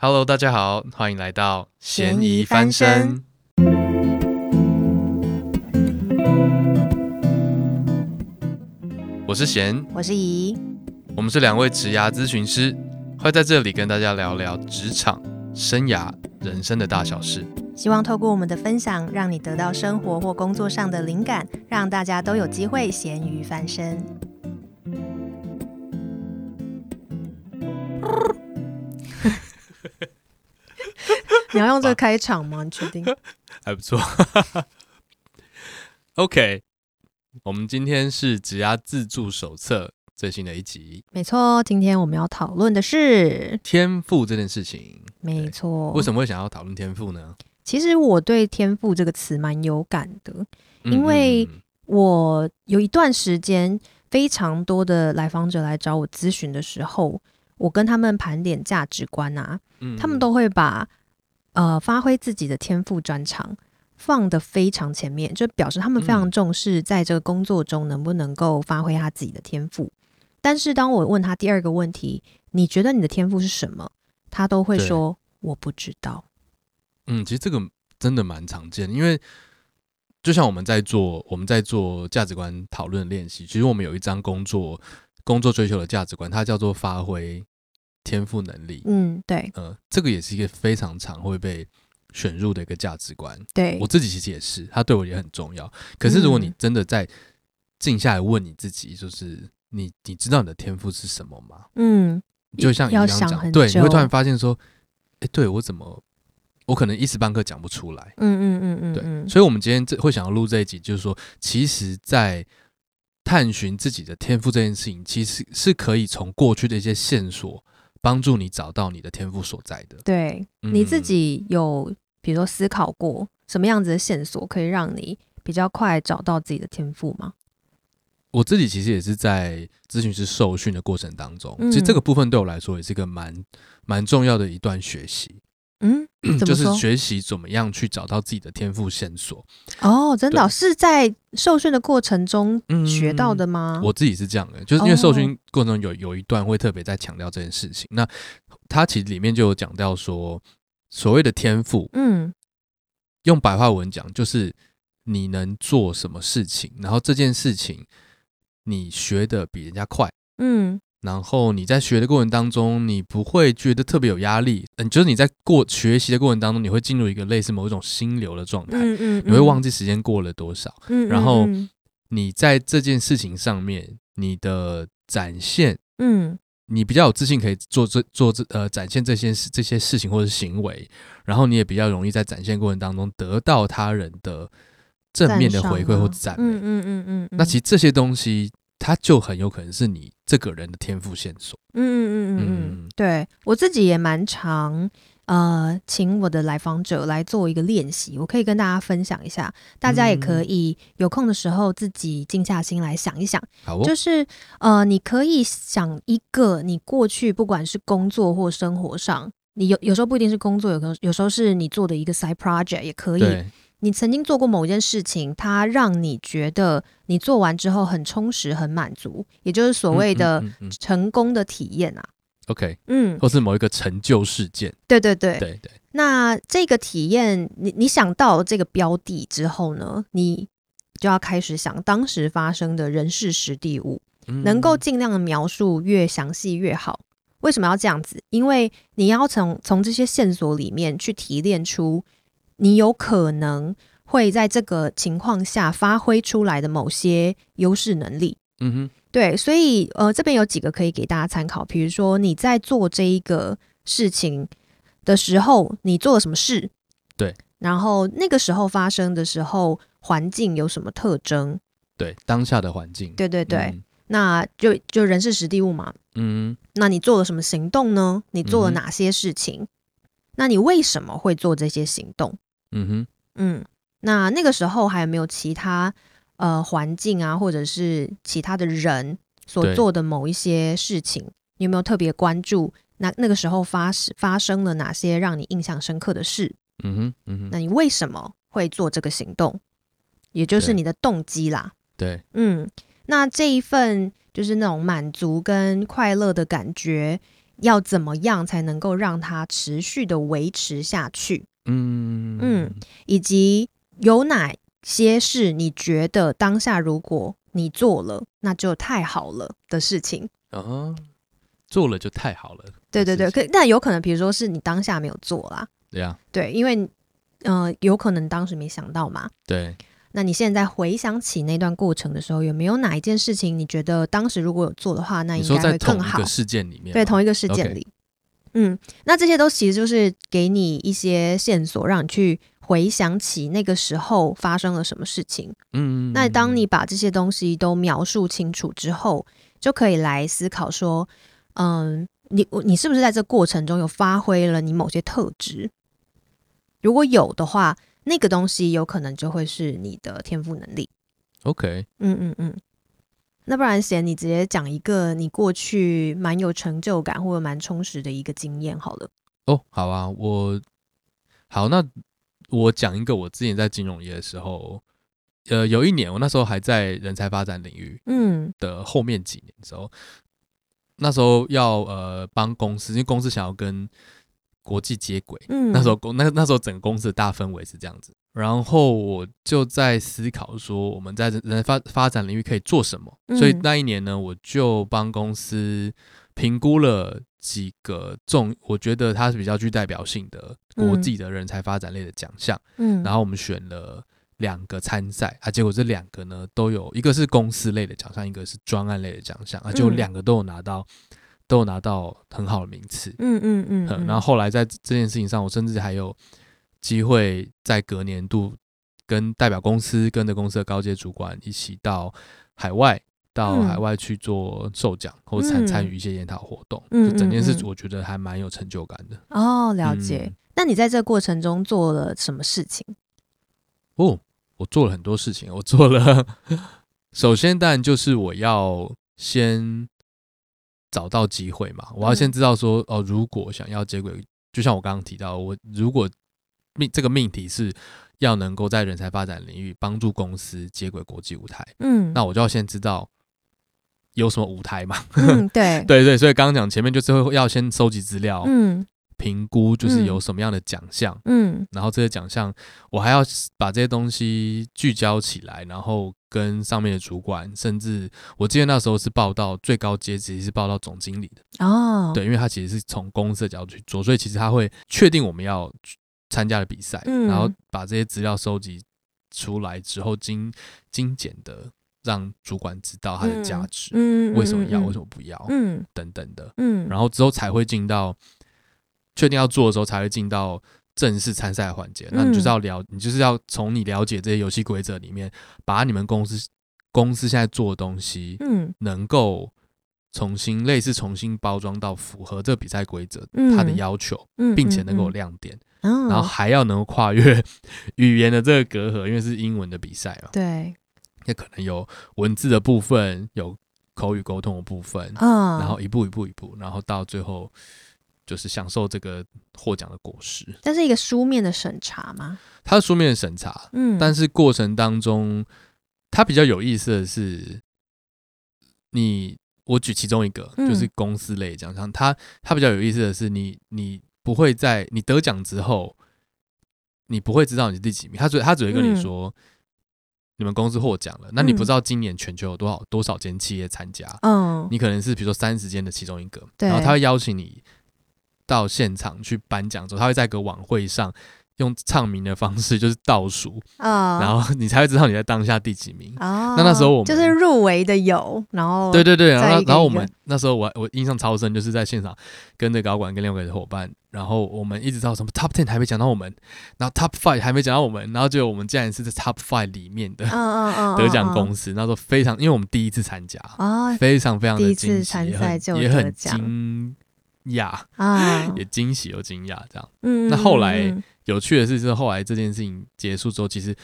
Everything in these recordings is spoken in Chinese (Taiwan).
Hello，大家好，歡迎來到賢宜翻身。我是賢，我是宜，我們是兩位職涯諮詢師，會在這裡跟大家聊聊職場、生涯、人生的大小事。希望透過我們的分享，讓你得到生活或工作上的靈感，讓大家都有機會賢宜翻身。你要用這個開場嗎？你確定？還不錯。 OK，我們今天是《職涯自助手冊》最新的一集。沒錯，今天我們要討論的是天賦這件事情。沒錯。為什麼會想要討論天賦呢？其實我對“天賦”這個詞蠻有感的，嗯嗯，因為我有一段時間，非常多的來訪者來找我諮詢的時候，我跟他們盤點價值觀啊、嗯，他們都會把。呃，發揮自己的天賦專長，放得非常前面，就表示他們非常重視在這個工作中能不能夠發揮他自己的天賦。嗯。但是，當我問他第二個問題，你覺得你的天賦是什麼？他都會說我不知道。嗯，其實這個真的蠻常見，因為就像我們在做我們在做價值觀討論練習，其實我們有一張工作工作追求的價值觀，它叫做發揮。天賦能力，嗯，對，呃，這個也是一個非常常會被選入的一個價值觀。對我自己其實也是，他對我也很重要。可是如果你真的在靜下來問你自己，就是、嗯、你，你知道你的天賦是什麼嗎？嗯，你就像你剛剛講，對，你會突然發現說，欸、對我怎麼，我可能一時半刻講不出來。嗯嗯，嗯嗯嗯嗯，對。所以，我們今天這會想要錄這一集，就是說，其實，在探尋自己的天賦這件事情，其實是可以從過去的一些線索。幫助你找到你的天賦所在的。對，嗯、你自己有，比如說思考過什麼樣子的線索，可以讓你比較快找到自己的天賦嗎？我自己其實也是在諮詢師受訓的過程當中、嗯，其實這個部分對我來說也是一個蠻蠻重要的一段學習。嗯，就是學習怎麼樣去找到自己的天賦線索。哦，真的是在受訓的過程中學到的嗎、嗯？我自己是這樣的，就是因為受訓過程中有有一段會特別在強調這件事情。哦、那他其實裡面就有講到說，所謂的天賦，嗯，用白話文講就是你能做什麼事情，然後這件事情你學得比人家快，嗯。然後你在學的過程當中，你不會覺得特別有壓力，嗯、呃，就是你在過學習的過程當中，你會進入一個類似某種心流的狀態，嗯嗯，嗯，你會忘記時間過了多少，嗯，嗯，嗯，然後你在這件事情上面，你的展現，嗯，你比較有自信可以做這做這呃展現這些這些事情或者是行為，然後你也比較容易在展現過程當中得到他人的正面的回饋或者讚美，嗯嗯嗯嗯，嗯，那其實這些東西。他就很有可能是你這個人的天賦線索。嗯嗯嗯嗯嗯，對我自己也蠻常呃，請我的來訪者來做一個練習，我可以跟大家分享一下，大家也可以有空的時候自己靜下心來想一想。好、嗯，就是呃，你可以想一個你過去不管是工作或生活上，你有有時候不一定是工作，有可能有時候是你做的一個 side project 也可以。你曾經做過某件事情，它讓你覺得你做完之後很充實、很滿足，也就是所謂的成功的體驗啊、嗯嗯嗯嗯。OK，嗯，或是某一個成就事件。對對對，對，對,對。那這個體驗，你你想到這個標的之後呢，你就要開始想當時發生的人、事、時、地、物，嗯嗯、能夠盡量的描述越詳細越好。為什麼要這樣子？因為你要從從這些線索裡面去提煉出。你有可能會在這個情況下發揮出來的某些優勢能力，嗯哼，對，所以呃，這邊有幾個可以給大家參考，比如說你在做這一個事情的時候，你做了什麼事？對，然後那個時候發生的時候，環境有什麼特徵？對，當下的環境，對對對，嗯、那就就人事時地物嘛，嗯，那你做了什麼行動呢？你做了哪些事情？嗯、那你為什麼會做這些行動？嗯哼，嗯，那那個時候還有沒有其他呃環境啊，或者是其他的人所做的某一些事情，你有沒有特別關注？那那個時候發生發生了哪些讓你印象深刻的事？嗯哼，嗯哼，那你為什麼會做這個行動？也就是你的動機啦。對，嗯，那這一份就是那種滿足跟快樂的感覺，要怎麼樣才能夠讓它持續的維持下去？嗯嗯，以及有哪些事你覺得當下如果你做了，那就太好了的事情。嗯，做了就太好了。對對對，可但有可能，比如說是你當下沒有做啦。對呀。對，因為，呃，有可能當時沒想到嘛。對。那你現在回想起那段過程的時候，有沒有哪一件事情你覺得當時如果有做的話，那應該會更好？事件裡面，對，同一個事件裡。Okay. 嗯，那這些都其實就是給你一些線索，讓你去回想起那個時候發生了什麼事情。嗯，嗯，嗯，嗯，那當你把這些東西都描述清楚之後，就可以來思考說，嗯，你我你是不是在這過程中有發揮了你某些特質？如果有的話，那個東西有可能就會是你的天賦能力。OK，嗯嗯嗯。那不然，賢你直接講一個你過去蠻有成就感或者蠻充實的一個經驗好了。哦，好啊，我好，那我講一個我之前在金融業的時候，呃，有一年我那時候還在人才發展領域，嗯，的後面幾年的時候。嗯，那時候要呃幫公司，因為公司想要跟國際接軌，嗯，那時候公那那時候整個公司的大氛圍是這樣子。然後我就在思考說，我們在人才發發展領域可以做什麼？所以那一年呢，我就幫公司評估了幾個重，我覺得它是比較具代表性的國際的人才發展類的獎項。然後我們選了兩個參賽啊，結果這兩個呢都有，一個是公司類的獎項，一個是專案類的獎項啊，就兩個都有拿到，都有拿到很好的名次。嗯嗯嗯。然後後來在這件事情上，我甚至還有機會在隔年度跟代表公司，跟著公司的高階主管一起到海外，到海外去做受獎，嗯，或者參參與一些研討活動。嗯，就整件事我覺得還蠻有成就感的。哦，了解，嗯。那你在這過程中做了什麼事情？哦，我做了很多事情。我做了， 首先當然就是我要先找到機會嘛，我要先知道說，嗯，哦，如果想要接軌，就像我剛剛提到，我如果命，這個命題是要能夠在人才發展領域幫助公司接軌國際舞台。嗯，那我就要先知道有什麼舞台嘛，嗯。對 對對，所以剛剛講前面就是會要先收集資料，嗯，評估就是有什麼樣的獎項，嗯，然後這些獎項我還要把這些東西聚焦起來，然後跟上面的主管，甚至我記得那時候是報到最高階級，是報到總經理的哦，對，因為他其實是從公司的角度去做，所以其實他會確定我們要。參加了比賽，然後把這些資料收集出來之後精，精精簡的讓主管知道它的價值，為什麼要，為什麼不要，等等的，然後之後才會進到確定要做的時候，才會進到正式參賽環節。那你就要了，你就是要從你了解這些遊戲規則裡面，把你們公司公司現在做的東西，能夠重新類似重新包裝到符合這個比賽規則它的要求，並且能夠有亮點。然後還要能夠跨越語言的這個隔閡，因為是英文的比賽嘛。對，那可能有文字的部分，有口語溝通的部分、哦。然後一步一步一步，然後到最後就是享受這個獲獎的果實。但是一個書面的審查嗎？它是書面的審查，嗯，但是過程當中，它比較有意思的是，你，我舉其中一個，嗯、就是公司類獎項，它它比較有意思的是，你你。不會在你得獎之後，你不會知道你是第幾名。他只他只會跟你說，嗯、你們公司獲獎了、嗯。那你不知道今年全球有多少多少間企業參加、嗯，你可能是比如說三十間的其中一個，然後他會邀請你到現場去頒獎。之後他會在一個晚會上。用唱名的方式，就是倒數、哦，然後你才會知道你在當下第幾名。哦、那那時候我們就是入圍的有，然後一個一個對對對，然後然後我們那時候我我印象超深，就是在現場跟着高管跟另外一個夥伴，然後我們一直到什麼 top ten 還沒講到我們，然後 top five 還沒講到我們，然後就我們竟然是在 top five 裡面的，哦哦哦、得獎公司，那時候非常，因為我們第一次參加，哦、非常非常的驚喜，第一次參賽就得獎也很也很。呀、yeah, 啊，也驚喜又驚訝，這樣。嗯。那後來有趣的是，是後來這件事情結束之後，其實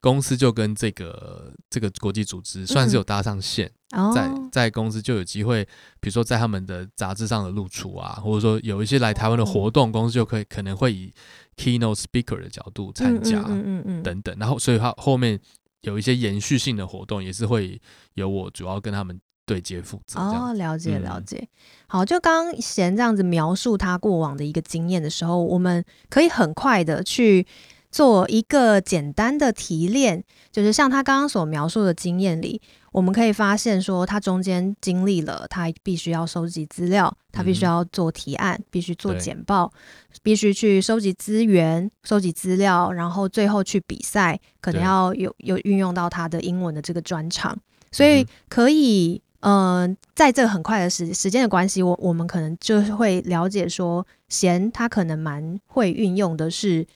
公司就跟這個這個國際組織算是有搭上線，嗯、在、哦、在公司就有機會，比如說在他們的雜誌上的露出啊，或者說有一些來台灣的活動，公司就可以可能會以 keynote speaker 的角度參加等等，嗯嗯等等、嗯嗯。然後，所以他後面有一些延續性的活動，也是會由我主要跟他們。對接負責哦。了解了解。好，就剛賢這樣子描述他過往的一個經驗的時候，我們可以很快的去做一個簡單的提煉，就是像他剛剛所描述的經驗裡，我們可以發現說他，他中間經歷了他必須要收集資料，他必須要做提案，嗯、必須做簡報，必須去收集資源、收集資料，然後最後去比賽，可能要有有運用到他的英文的這個專長，所以可以。嗯、呃，在這個很快的時時間的關係，我我們可能就是會了解說，賢他可能蠻會運用的是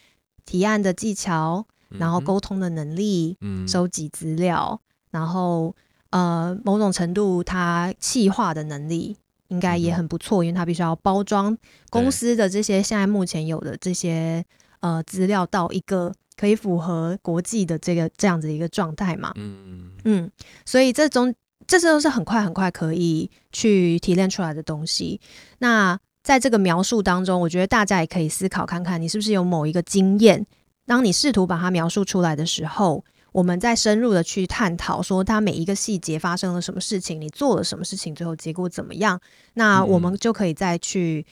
提案的技巧，然後溝通的能力，嗯嗯收集資料，然後呃，某種程度他企劃的能力應該也很不錯，因為他必須要包裝公司的這些現在目前有的這些呃資料到一個可以符合國際的這個這樣子一個狀態嘛嗯嗯。嗯，所以這種。這些都是很快很快可以去提煉出來的東西。那在這個描述當中，我覺得大家也可以思考看看，你是不是有某一個經驗？當你試圖把它描述出來的時候，我們再深入的去探討，說它每一個細節發生了什麼事情，你做了什麼事情，最後結果怎麼樣？那我們就可以再去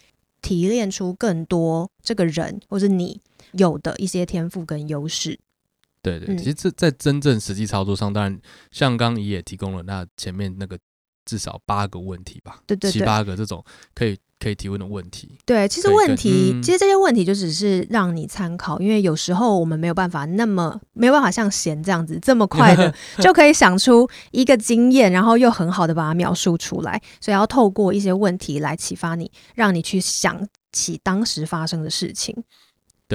提煉出更多這個人或者你有的一些天賦跟優勢。對對，其實這在真正實際操作上，嗯、當然像剛你也提供了那前面那個至少八個問題吧，對，對，對，七八個這種可以可以提問的問題。對，其實問題，其實這些問題就只是讓你參考，嗯、因為有時候我們沒有辦法那麼沒有辦法像賢這樣子這麼快的 就可以想出一個經驗，然後又很好的把它描述出來，所以要透過一些問題來啟發你，讓你去想起當時發生的事情。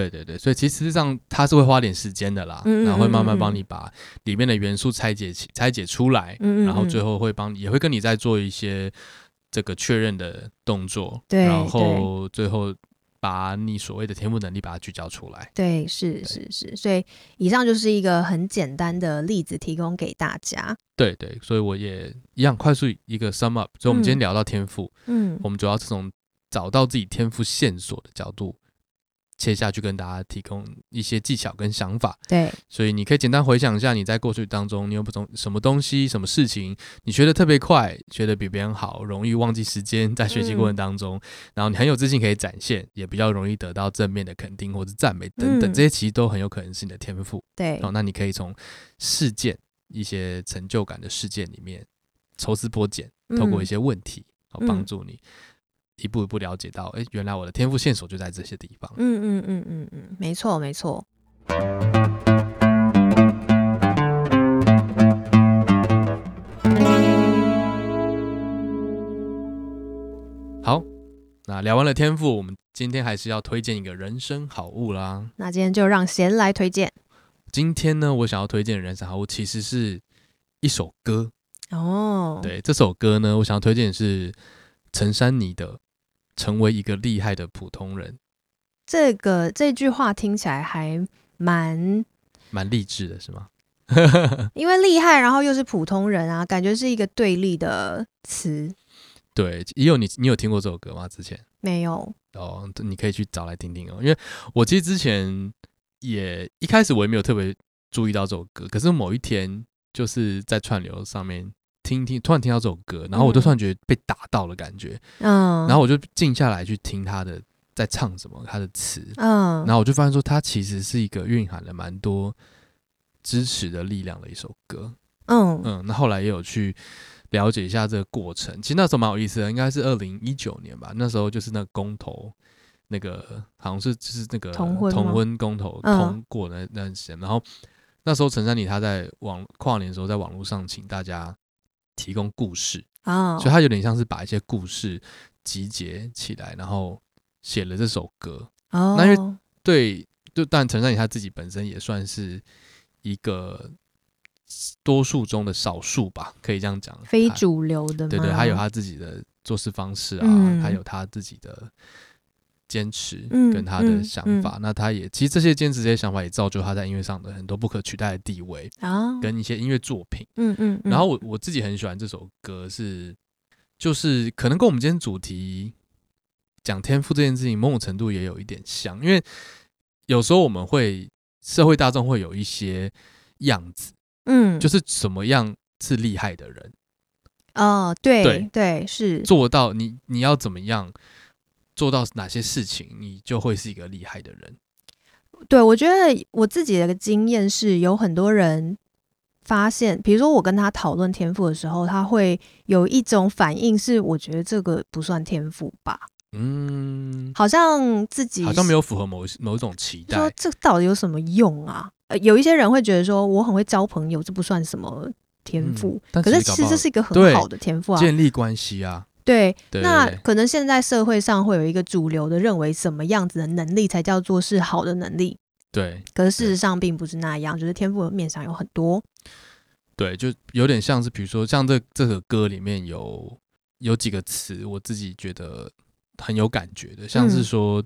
對對對，所以其實實際上它是會花點時間的啦，嗯嗯嗯嗯，然後會慢慢幫你把裡面的元素拆解起、拆解出來，嗯嗯嗯，然後最後會幫你，也會跟你再做一些這個確認的動作，對，然後最後把你所謂的天賦能力把它聚焦出來。對，對對是是是，所以以上就是一個很簡單的例子，提供給大家。對對，所以我也一樣快速一個 sum up，所以我們今天聊到天賦，嗯，我們主要是從找到自己天賦線索的角度，切下去，跟大家提供一些技巧跟想法。對，所以你可以簡單回想一下，你在過去當中，你有不同什麼東西、什麼事情，你學得特別快，學得比別人好，容易忘記時間，在學習過程當中、嗯，然後你很有自信可以展現，也比較容易得到正面的肯定或者讚美等等、嗯，這些其實都很有可能是你的天賦。對、哦，那你可以從事件、一些成就感的事件裡面抽絲剝繭，透過一些問題，好、嗯哦、幫助你。嗯一步一步了解到，誒，原來我的天賦線索就在這些地方。嗯嗯嗯嗯嗯，沒錯沒錯。好，那聊完了天賦，我們今天還是要推薦一個人生好物啦。那今天就讓賢來推薦。今天呢，我想要推薦的人生好物，其實是一首歌。哦，對，這首歌呢，我想要推薦的是陳珊妮的。成為一個厲害的普通人，這個這句話聽起來還蠻蠻勵志的，是嗎？ 因為厲害，然後又是普通人啊，感覺是一個對立的詞。對，也有你，你有聽過這首歌嗎？之前。沒有。哦，你可以去找來聽聽哦。因為我其實之前也一開始我也沒有特別注意到這首歌，可是某一天就是在串流上面。聽聽，突然聽到這首歌，然後我就突然覺得被打到了感覺，嗯，然後我就靜下來去聽他的在唱什麼，他的詞，嗯，然後我就發現說，他其實是一個蘊含了蠻多支持的力量的一首歌，嗯，嗯那後來也有去了解一下這個過程，其實那時候蠻有意思的，應該是二零一九年吧，那時候就是那個公投，那個好像是就是那個同婚,同婚公投通過的那、嗯、那段時間，然後那時候陳珊妮他在網跨年的時候在網絡上請大家。提供故事，哦，所以他有點像是把一些故事集結起來，然後寫了這首歌但，哦，那因為對，就但陳善宇他自己本身也算是一個多數中的少數吧，可以這樣講，非主流的對，對對，他有他自己的做事方式啊，還，嗯，有他自己的。堅持，跟他的想法，嗯嗯嗯、那他也其實這些堅持，這些想法也造就他在音樂上的很多不可取代的地位啊，跟一些音樂作品，嗯嗯，嗯。然後我我自己很喜歡這首歌是，是就是可能跟我們今天主題講天賦這件事情，某種程度也有一點像，因為有時候我們會社會大眾會有一些樣子，嗯，就是怎麼樣是厲害的人哦。對對對,對，是做到你你要怎麼樣。做到哪些事情，你就會是一個厲害的人。對，我覺得我自己的一個經驗是，有很多人發現，比如說我跟他討論天賦的時候，他會有一種反應是，是我覺得這個不算天賦吧。嗯，好像自己好像沒有符合某某一種期待。就是、說這到底有什麼用啊？呃，有一些人會覺得說我很會交朋友，這不算什麼天賦、嗯，可是其實這是一個很好的天賦啊，建立關係啊。對，那可能現在社會上會有一個主流的認為什麼樣子的能力才叫做是好的能力？對，對，可是事實上並不是那樣，就是天賦的面上有很多。對，就有點像是比如說像這這首、個、歌裡面有有幾個詞，我自己覺得很有感覺的，像是說、嗯、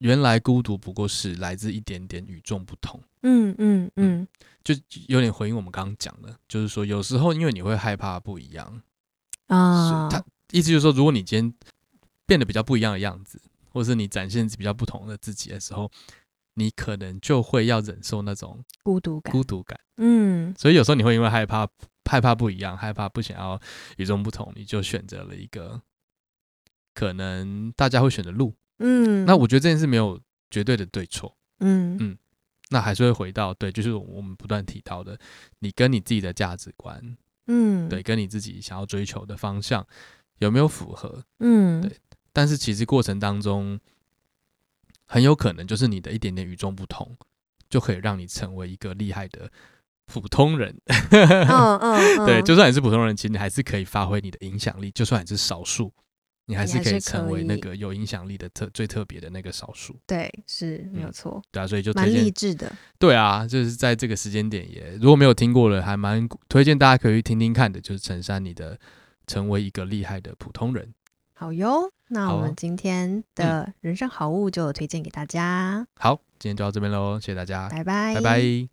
原來孤獨不過是來自一點點與眾不同。嗯嗯嗯，嗯，就有點回應我們剛剛講的，就是說有時候因為你會害怕不一樣啊，他。意思就是說，如果你今天變得比較不一樣的樣子，或是你展現比較不同的自己的時候，你可能就會要忍受那種孤獨感。孤獨感，嗯。所以有時候你會因為害怕害怕不一樣，害怕不想要與眾不同，你就選擇了一個可能大家會選擇路。嗯。那我覺得這件事沒有絕對的對錯。嗯嗯。那還是會回到對，就是我們不斷提到的，你跟你自己的價值觀，嗯，對，跟你自己想要追求的方向。有沒有符合？嗯，對。但是其實過程當中，很有可能就是你的一點點與眾不同，就可以讓你成為一個厲害的普通人。嗯 嗯、哦哦哦。對，就算你是普通人，其實你還是可以發揮你的影響力。就算你是少數，你還是可以成為那個有影響力的特、那個、最特別的那個少數。對，是沒有錯、嗯。對啊，所以就蠻勵志的。對啊，就是在這個時間點也，如果沒有聽過了，還蠻推薦大家可以去聽聽看的，就是陳山你的。成為一個厲害的普通人。好喲。那我們今天的人生好物就推薦給大家。好，今天就到這邊嘍，謝謝大家，拜拜，拜拜。